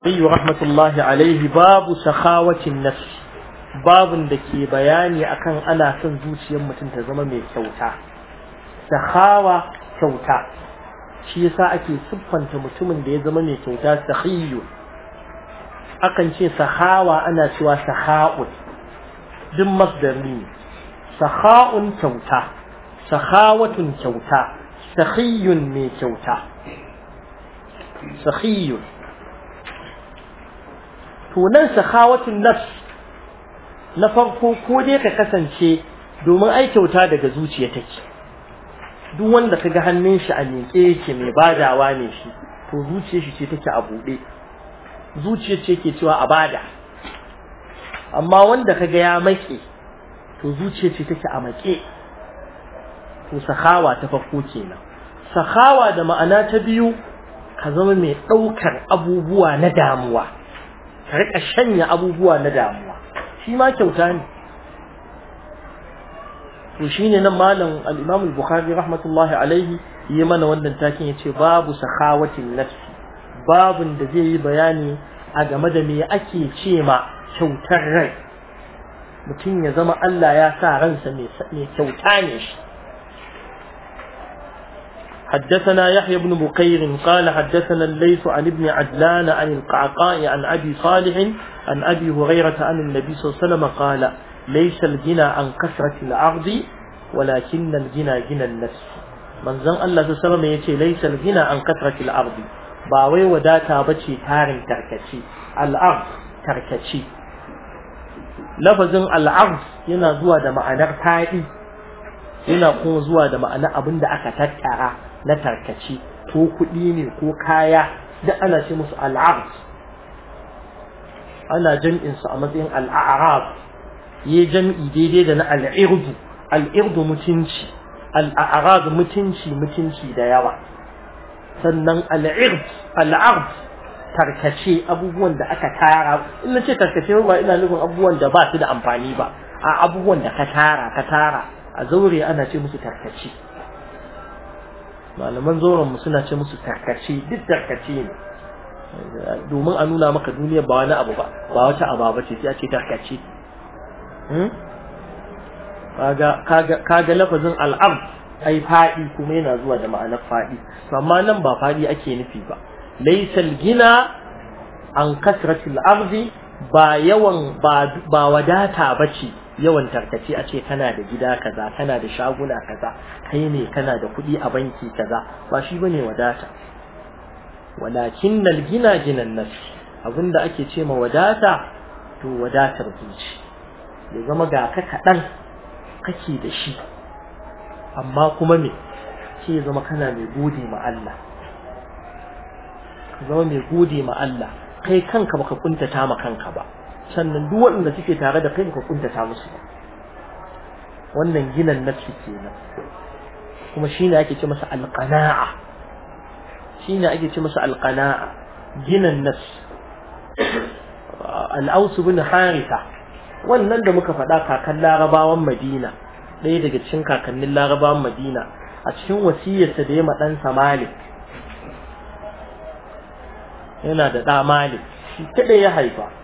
Ayyu rahmatullahi alaihi babu sakhawatin nafs Babu da ke bayani akan ana son zuciyar mutum ta zama mai kyauta sakhawa kyauta shi yasa ake siffanta mutumin da ya zama mai kyauta sakhiyyu akan ce sakhawa ana cewa sakhaun duk masdari ne kyauta sakhawatun kyauta sakhiyyun mai kyauta sakhiyyun to nan sakhawatun nafs na farko ko dai ka kasance domin ai kyauta daga zuciya take duk wanda ka ga hannun shi a miƙe yake mai badawa ne shi to zuciyar shi ce take a buɗe zuciyar ce ke cewa a bada amma wanda ka ga ya maƙe to zuciyar ce take a maƙe to sakawa ta farko kenan Sakawa da ma'ana ta biyu ka zama mai ɗaukar abubuwa na damuwa ka rika shanya abubuwa na damuwa shi ma kyauta ne to shine nan malam al-Imam al-Bukhari rahmatullahi alaihi yi mana wannan takin yace babu sakhawatin nafsi babun da zai yi bayani a game da me ake ce ma kyautar rai mutum ya zama Allah ya sa ransa mai kyauta ne shi حدثنا يحيى بن بكير قال حدثنا الليث عن ابن عدلان عن القعقاء عن أبي صالح عن أبي هريرة عن النبي صلى الله عليه وسلم قال ليس الغنى عن كثرة العرض ولكن الغنى غنى النفس من زن الله صلى الله عليه وسلم يتي ليس الغنى عن كثرة العرض باوي وداتا بشي تارن تركتي العرض تركتي لفظ العرض ينا زوا da ma'anar ta'i yana kuma zuwa da ma'ana abin da aka tattara na tarkaci ko kuɗi ne ko kaya da ana ce musu al'ard ana jam'in su a matsayin al'arab ya jam'i daidai da na al'irdu al'irdu mutunci al'arab mutunci mutunci da yawa sannan al'ird al'ard tarkace abubuwan da aka tara in na ce tarkace ba ina nufin abubuwan da ba su da amfani ba a abubuwan da ka tara ka tara a zaure ana ce musu tarkace malaman zauren mu suna ce musu tarkace duk tarkace ne domin a nuna maka duniya, ba wani abu ba ba wata ababa ce sai a ce hmm? kaga lafazin al'am ai faɗi kuma yana zuwa da ma'anar faɗi amma nan ba faɗi ake nufi ba laisal gina an kasratil arzi ba yawan ba wadata bace yawan tarkace a ce kana da gida kaza kana da shaguna kaza kai ne kana da kuɗi a banki kaza ba shi bane wadata walakin nal gina ginan nafsi abinda ake ce ma wadata to wadatar zuci ya zama ga ka kaɗan kake da shi amma kuma me ce ya zama kana mai gode ma Allah ka zama mai gode ma Allah kai kanka baka kuntata ma kanka ba sannan duk waɗanda suke tare da kai ka kuntata musu wannan ginan nafsi nan, kuma ne ake ce masa alqana'a shine ake ce masa ginan nafsi al bin harita. wannan da muka faɗa kakan larabawan madina ɗaya daga cikin kakannin larabawan madina a cikin wasiyarsa da ya ma ɗansa malik yana da ɗa malik shi kaɗai ya haifa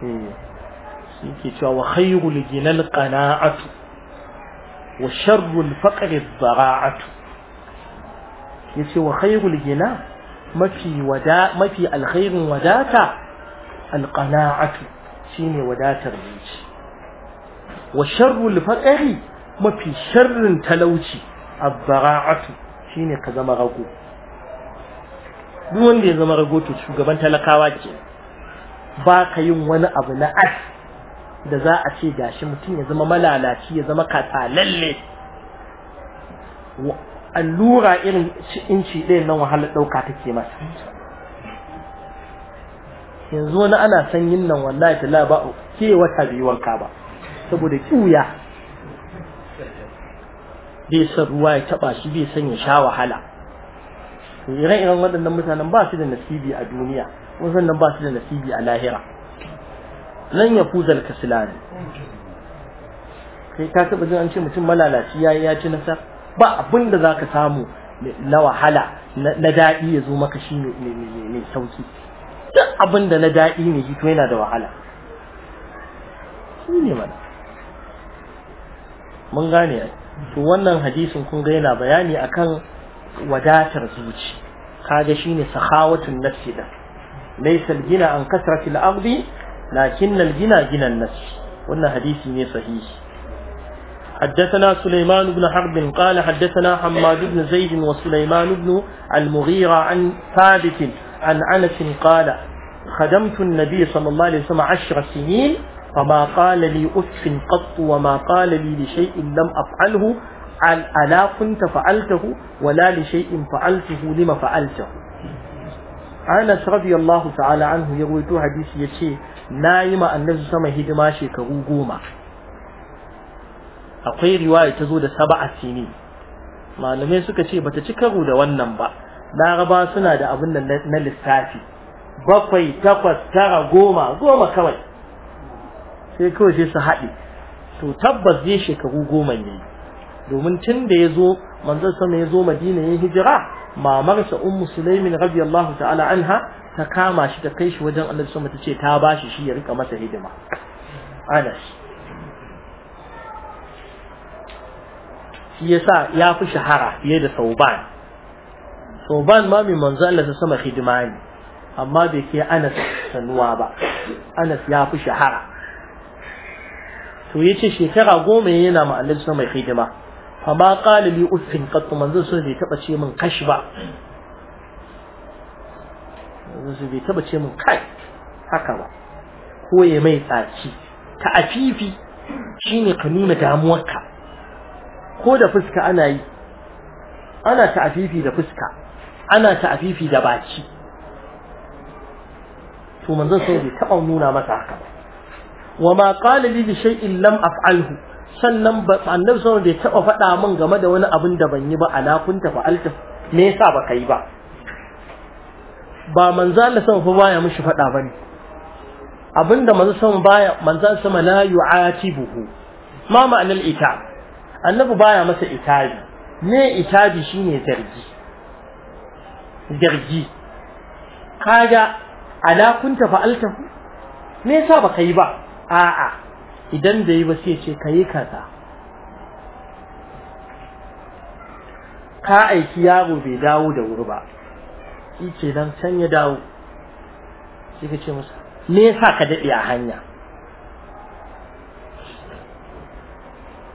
Hmm. shi ke cewa wa khayrul ginal qana'atu wa sharrul faqri dhara'atu yace wa khayrul gina mafi wada mafi alkhairin wadata alqana'atu shine wadatar zuci wa sharrul faqri mafi sharrin talauci ad-dhara'atu shine ka zama rago duk wanda ya zama rago to shugaban talakawa ke ba ka yin wani abu na as da za a ce gashi mutum ya zama malalaci ya zama katalalle allura irin inci ɗaya nan wahalar ɗauka take masa yanzu wani ana yin nan wallahi ta ba ke wata biyu wanka ba saboda kiwuya bai san ruwa ya taɓa shi bai san ya sha wahala irin irin waɗannan mutanen ba su da nasibi a duniya wasannan ba su da nasibi a lahira lan ya fuza al-kaslan kai ka taba jin an ce mutum malalaci yayi ya ci nasar ba abin da zaka samu na wahala na daɗi ya zo maka shi mai sauki duk abin da na daɗi ne shi to yana da wahala shi ne mana mun gane to wannan hadisin kun ga yana bayani akan wadatar zuci kaga shine sahawatun nafsi da ليس الجنى عن كثرة الأرض لكن الجنى جنى النفس وأن حديث صحيح حدثنا سليمان بن حرب قال حدثنا حماد بن زيد وسليمان بن المغيرة عن ثابت عن أنس قال خدمت النبي صلى الله عليه وسلم عشر سنين فما قال لي أف قط وما قال لي لشيء لم أفعله ألا كنت فعلته ولا لشيء فعلته لما فعلته Anas radiyallahu ta'ala anhu ya rawaito hadisi yace nayi ma annabi sama hidima shekaru goma akwai riwaya ta zo da saba'a sini malamai suka ce bata ci karo da wannan ba laraba suna da abin da na lissafi bakwai takwas tara goma goma kawai sai kawai sai su haɗe to tabbas zai shekaru goma ne domin tun da ya zo manzon sama ya zo madina ya hijira mamarsa ummu sulaimin radiyallahu ta'ala anha ta kama shi ta kai shi wajen annabi sama ta ce ta bashi shi ya rika masa hidima anas shi yasa ya fi shahara fiye da sauban sauban ma mai manzo Allah ta sama hidima ne amma bai kai anas sanuwa ba anas ya fi shahara to yace shekara goma yana ma Allah sama hidima ma qala li uffin qat manzo so bai taba ce min kash ba manzo so bai taba ce min kai haka ba ko ya mai tsaci ta afifi shine ka nuna damuwarka ko da fuska ana yi ana ta afifi da fuska ana ta afifi da baki to manzon sai bai taba nuna masa haka ba ma qala li shay'in lam af'alhu sannan annabi sallallahu bai taba faɗa min game da wani abin da ban yi ba ala kunta fa alta me yasa ba kai ba ba manzo Allah sama fa baya mishi faɗa bane abinda manzo sama baya manzo sama la yu'atibuhu ma ma'anar ita annabi baya masa itabi me itabi shine zargi zargi kaga ala kunta fa'altahu me yasa ba kai ba a'a idan da yi ba sai ce ka yi kaza ka aiki yaro bai dawo da wuri ba shi ce don can ya dawo shi ka ce masa me yasa ka daɗe a hanya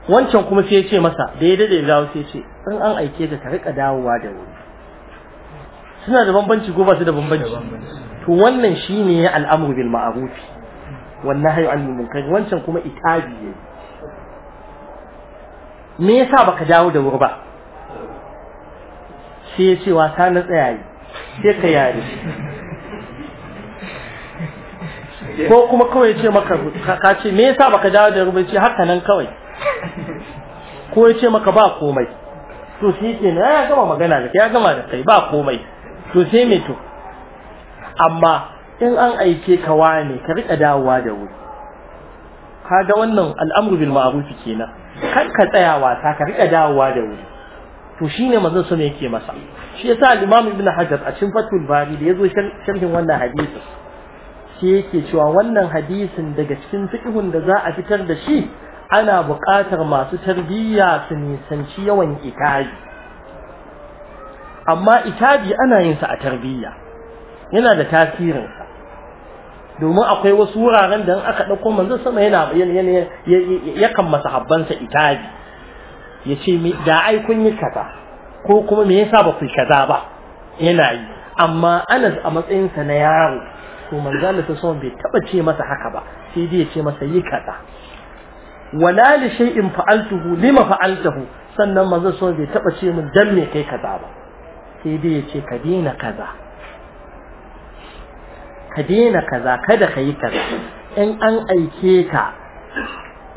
wancan kuma sai ya ce masa da ya daɗe dawo sai ce in an aike da ka riƙa dawowa da wuri suna da bambanci ko ba su da bambanci to wannan ne al'amur bil ma'arufi. wallahi an munkari wancan kuma itabi ne me yasa baka dawo da wuri ba sai ya ce wasa na tsayaye sai ka yare ko kuma kawai ce maka ka ce me yasa baka dawo da rubuci haka nan kawai ko ya ce maka ba komai to shi ke na ya gama magana da ya gama da kai ba komai to sai me to amma in an aike ka wane ka rika dawowa da wuri kaga wannan al'amru bil ma'ruf kenan Kar ka tsaya wasa ka rika dawowa da wuri to shine manzon sama yake masa shi yasa al-imam ibn hajar a cikin fatul bari da yazo sharhin wannan hadisi shi yake cewa wannan hadisin daga cikin fiqhun da za a fitar da shi ana buƙatar masu tarbiyya su nisanci yawan itabi amma itabi ana yin sa a tarbiyya yana da tasirin domin akwai wasu wuraren da aka ɗauko manzon sama yana yakan masahabbansa itabi ya ce da ai kun yi kaza ko kuma me yasa ba ku kaza ba yana yi amma anas a matsayinsa na yaro to manzon ta sama bai taɓa ce masa haka ba sai dai ya ce masa yi kaza wala li shay'in fa'altuhu lima fa'altahu sannan manzon sama bai taɓa ce min dan me kai kaza ba sai dai ya ce ka daina kaza ka daina kaza kada ka yi kaza in an aike ka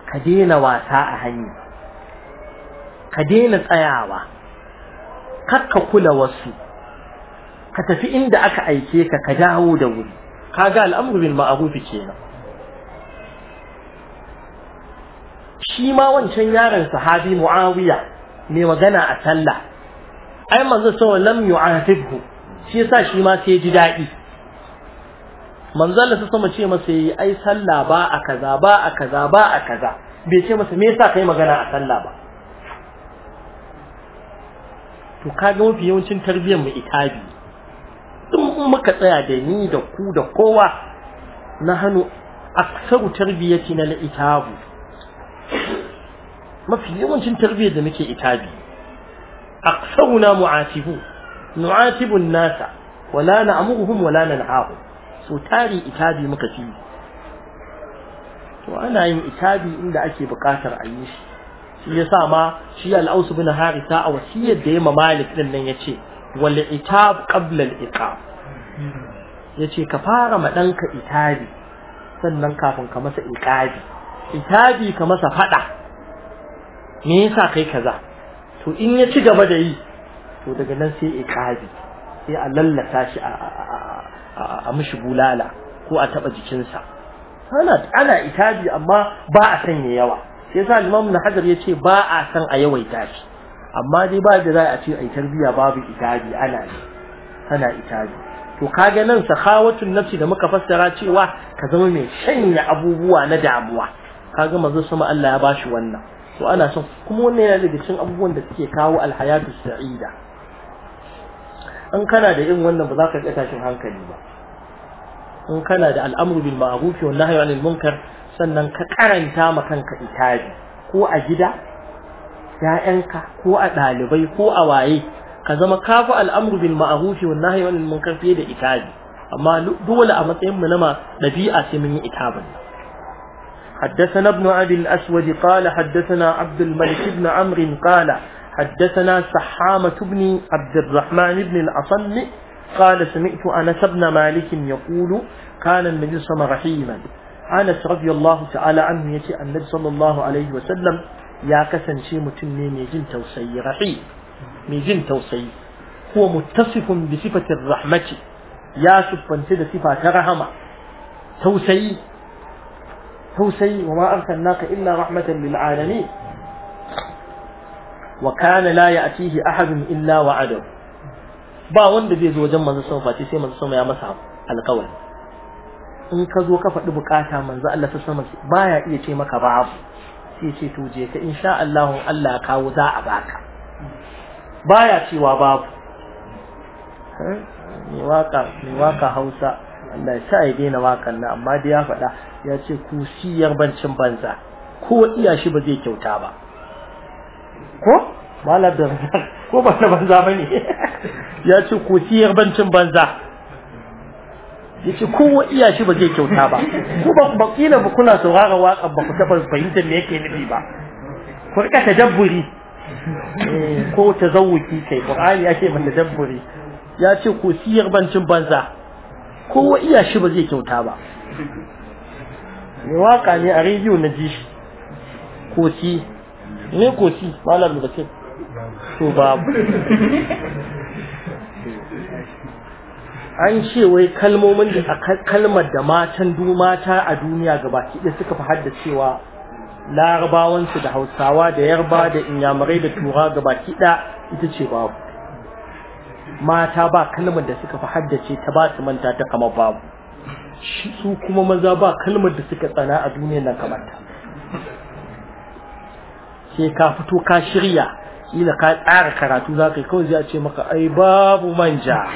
ka daina wasa a hanya ka daina tsayawa kar ka kula wasu ka tafi inda aka aike ka ka dawo da wuri kaga al'amru bil ma'ruf kenan shi ma wancan yaron sahabi muawiya ne magana a sallah ai manzo sallallahu lam yu'atibhu shi yasa shi ma sai ji dadi manzon Allah sama ce masa yi ai sallah ba a kaza ba a kaza ba a kaza bai ce masa me yasa kai magana a sallah ba to kaga mafi yawancin tarbiyyar mu itabi in muka tsaya da ni da ku da kowa na hannu aksaru tarbiyyati na itabu mafi yawancin tarbiyyar da muke itabi aksaruna mu'atibu nu'atibun nasa wala na'muruhum wala nanhahum so tari itabi muka fi to ana yin itabi inda ake buƙatar a yi shi shi ya sa ma shi al'ausu bin harisa a wasiyar da ya ma malik din nan ya ce wal itab qabla al ya ce ka fara ma ɗanka itabi sannan kafin ka masa iqabi itabi ka masa faɗa me yasa kai kaza to in ya ci gaba da yi to daga nan sai iqabi sai a lallata shi a a mishi bulala ko a taba jikinsa ana ana itabi amma ba a sanya yawa sai yasa Imam na Hajar yace ba a san a yawaita shi amma dai ba da za a ce ai tarbiya babu itabi ana ana itabi to kaga nan sakhawatun nafsi da muka fassara cewa ka zama mai shanya abubuwa na damuwa kage manzo sama Allah ya bashi wannan to ana son kuma wannan yana daga cikin abubuwan da suke kawo alhayatu sa'ida in kana da irin wannan ba za ka ga tashin hankali ba in kana da al'amru bil ma'ruf wa nahyi anil munkar sannan ka karanta ma kanka itabi ko a gida ƴaƴanka ko a ɗalibai ko a waye ka zama kafi al'amru bil ma'ruf wa nahyi anil munkar fiye da itabi amma dole a matsayin mu na ma dabi'a sai mun yi itabin حدثنا ابن أبي الأسود قال حدثنا عبد الملك بن عمرو قال حدثنا سحامة بن عبد الرحمن بن الأصم قال سمعت أنس بن مالك يقول كان النبي صلى الله عليه وسلم رحيما أنس رضي الله تعالى عنه يتي النبي صلى الله عليه وسلم يا كسن شي متني ميجن توسي رحيم ميجن توسي هو متصف بصفة الرحمة يا سيدة صفة رحمة توسي توسي وما أرسلناك إلا رحمة للعالمين wa kana la ya'tihi ahadun illa wa'ada ba wanda zai zo wajen manzo sama face sai manzo sama ya masa alƙawari in ka zo ka faɗi bukata manzo Allah ta sama baya iya ce maka babu sai ce to je ka insha Allah Allah kawo za a baka baya cewa babu eh, mai waka mai waka Hausa Allah ya sa ya daina wakan nan amma dai ya faɗa ya ce kusiyar bancin banza ko iya shi ba zai kyauta ba ko malar da ko ba na banza ba ne ya ce ko siyar bancin banza ya ce kowa iya shi ba zai kyauta ba ko ba ba kila ba kuna saurara waka ba ku taɓa fahimtar me yake nufi ba ku ta dabburi. Eh, ko ta zawuki kai qur'ani ake mata dabburi. ya ce ko siyar bancin banza kowa iya shi ba zai kyauta ba ne waƙa ne a rediyo na ji shi ko si ko koti malam da ce to babu an ce wai kalmomin da aka kalmar da matan du mata a duniya baki ɗaya suka fi haddacewa larabawansu da hausawa da yarba da inyamurai da tura baki ɗaya ita ce babu mata ba kalmar da suka fi haddace ta ba su manta ta kama babu su kuma maza ba kalmar da suka tsana a duniya nan kamar ta sai ka fito ka shirya ila ka tsara karatu za ka yi kawai zai ce maka ai babu manja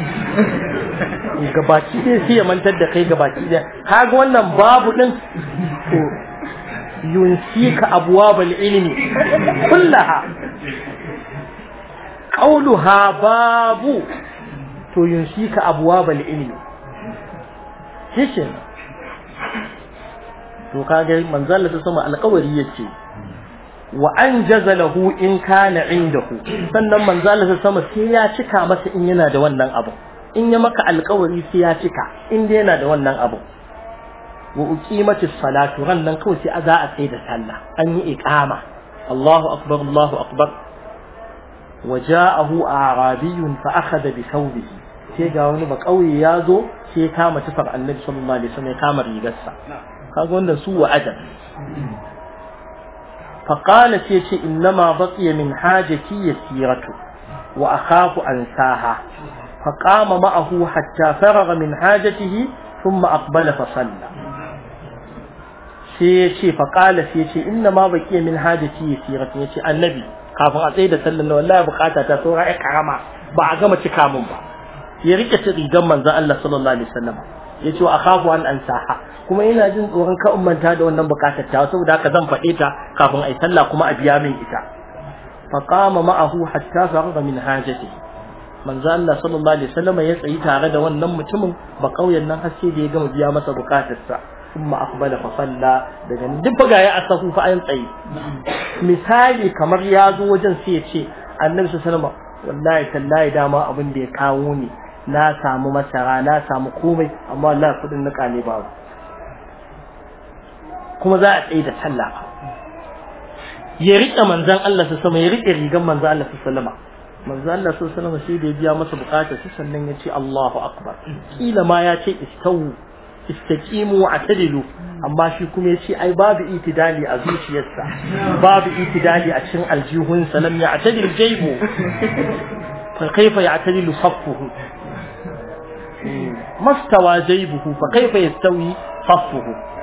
gabaki ɗaya sai ya mantar da kai gabaki ɗaya kaga wannan babu ɗin to abuwa bal ilmi kullaha ha babu to ka abuwa bal ilimi kishin to kage manzalla da sama alƙawari yace wa anjaza lahu in kana indahu sannan manzo Allah sama sai ya cika masa in yana da wannan abu in ya maka alƙawari sai ya cika in dai yana da wannan abu wa uqimatis salatu rannan kawai sai za a tsaye da sallah an yi iqama Allahu akbar Allahu akbar وجاءه أعرابي فأخذ بثوبه sai ga wani bakauye ya zo sai ya kama tufar annabi sallallahu alaihi wasallam ya kama rigarsa kaga wannan su wa ajab Faƙama سيتي إنما بقي من حاجتي يسيرة وأخاف أنساها فقام معه حتى فرغ من حاجته ثم أقبل فصلى سيتي فقال min إنما ki ya siratu. يسيرة ce annabi kafin a tsaye da sallan wallahi bukata ta saura ya karama ba a gama cika mun ba ya rike ta rigar manzon Allah sallallahu alaihi wasallam ce wa akhafu an ansaha kuma ina jin tsoron ka ummanta da wannan bukatar ta saboda haka zan faɗe ta kafin ai sallah kuma a biya min ita fa qama ma'ahu hatta faragha min hajati manzo Allah sallallahu alaihi wasallam ya tsayi tare da wannan mutumin ba kauyen nan har da ya gama biya masa bukatar sa kuma akbala fa salla daga duk ga ya asahu fa an tsayi misali kamar ya zo wajen sai ya ce annabi sallallahu alaihi wasallam wallahi tallahi dama abin da ya kawo ni na samu masara na samu komai amma Allah kudin na ne babu kuma za a tsaye da sallah ya riƙe manzan Allah su sama ya riƙe rigan manzan Allah su salama manzan Allah su salama sai da ya biya masa bukata su sannan ya ce Allahu akbar kila ma ya ce istawu istaqimu wa atadilu amma shi kuma ya ce ai babu itidali a zuciyarsa babu itidali a cikin aljihunsa lam ya atadil jaybu fa kaifa ya atadilu khaffuhu hmm. mastawa jaybuhu fa kaifa yastawi khaffuhu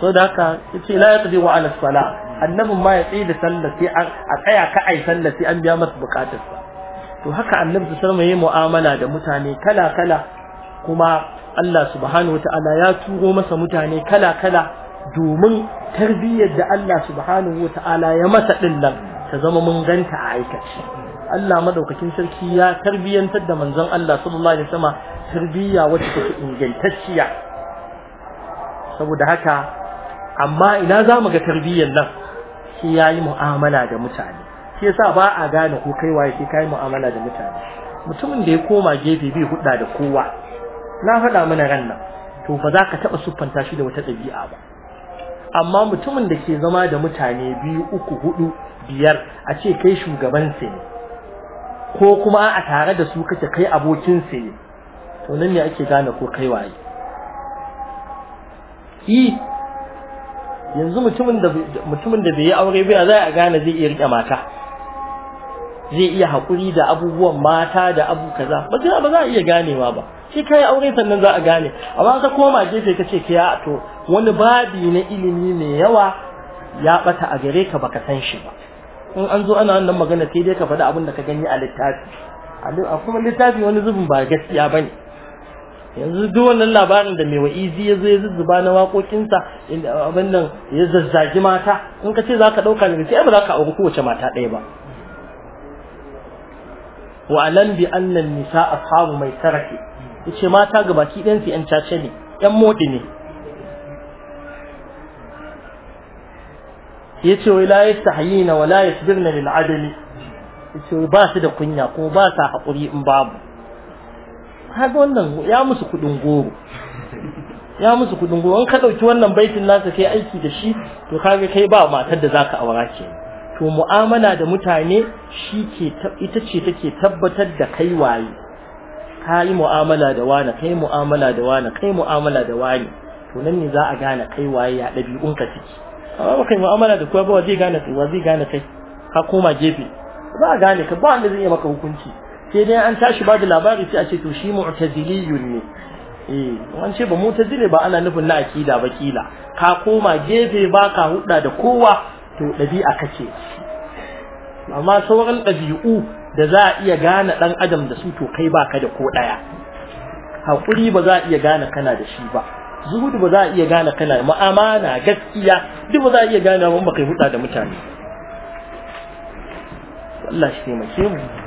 so da haka yace la yaqdiru ala sala annabin ma ya tsaye da sallah sai a tsaya ka ai sallah sai an biya masa sa. to haka annabi sallallahu alaihi wasallam yayi mu'amala da mutane kala kala kuma Allah subhanahu wataala ya turo masa mutane kala kala domin tarbiyyar da Allah subhanahu wataala ya masa din nan ta zama mun ganta a aikace Allah madaukakin sarki ya tarbiyyantar da manzon Allah sallallahu alaihi wasallam tarbiyya wacce take ingantacciya saboda haka amma ina za mu ga tarbiyyar nan shi ya yi mu'amala da mutane shi yasa ba a gane ko kai waye shi kai mu'amala da mutane mutumin da ya koma gefe bai hudda da kowa na faɗa mana ran nan to ba za ka taɓa siffanta shi da wata ɗabi'a ba amma mutumin da ke zama da mutane biyu uku hudu biyar a ce kai shugaban ne ko kuma a tare da su kace kai abokin ne to nan ne ake gane ko kai waye yanzu mutumin da mutumin da bai yi aure ba za a gane zai iya rike mata zai iya hakuri da abubuwan mata da abu kaza ba za ba za a iya ganewa ba shi kai aure sannan za a gane amma ka koma gefe kace ke ya to wani babi na ilimi mai yawa ya bata a gare ka baka san shi ba in an zo ana wannan magana sai dai ka faɗi abin da ka gani a littafi a kuma littafi wani zubin ba gaskiya bane yanzu duk wannan labarin da mai wa'izi ya zo ya zuzzuba na waƙoƙinsa abin nan ya zazzagi mata in ka ce za ka ɗauka daga sai ba za ka auri kowace mata ɗaya ba wa alam bi annan nisa a samu mai tarake ce mata ga baki ɗan fi yan cace ne yan moɗi ne yace wa la na wa la yasbirna lil adali yace ba su da kunya ko ba su haƙuri in babu kaga wannan ya musu kudin goro ya musu kudin goro an ka dauki wannan baitin nasa kai aiki da shi to kage kai ba matar da zaka aura ke to mu'amala da mutane shi ke ita ce take tabbatar da kai waye kai mu'amala da wani kai mu'amala da wani kai mu'amala da wani to nan ne za a gane kai waye ya dabi'un ka ciki amma kai mu'amala da kowa ba zai gane kai wa zai gane kai ka koma gefe ba a gane ka ba wanda zai yi maka hukunci sai dai an tashi ba da labari sai a ce to shi mu'taziliyun ne eh an ce ba mu'tazili ba ana nufin na akida ba kila ka koma gefe ba ka hudda da kowa to dabi'a kake amma sauran dabi'u da za a iya gane dan adam da su to kai baka da ko daya hakuri ba za a iya gane kana da shi ba zuhudu ba za a iya gane kana da mu'amala gaskiya duk ba za a iya gane ba kai huda da mutane Allah shi taimake mu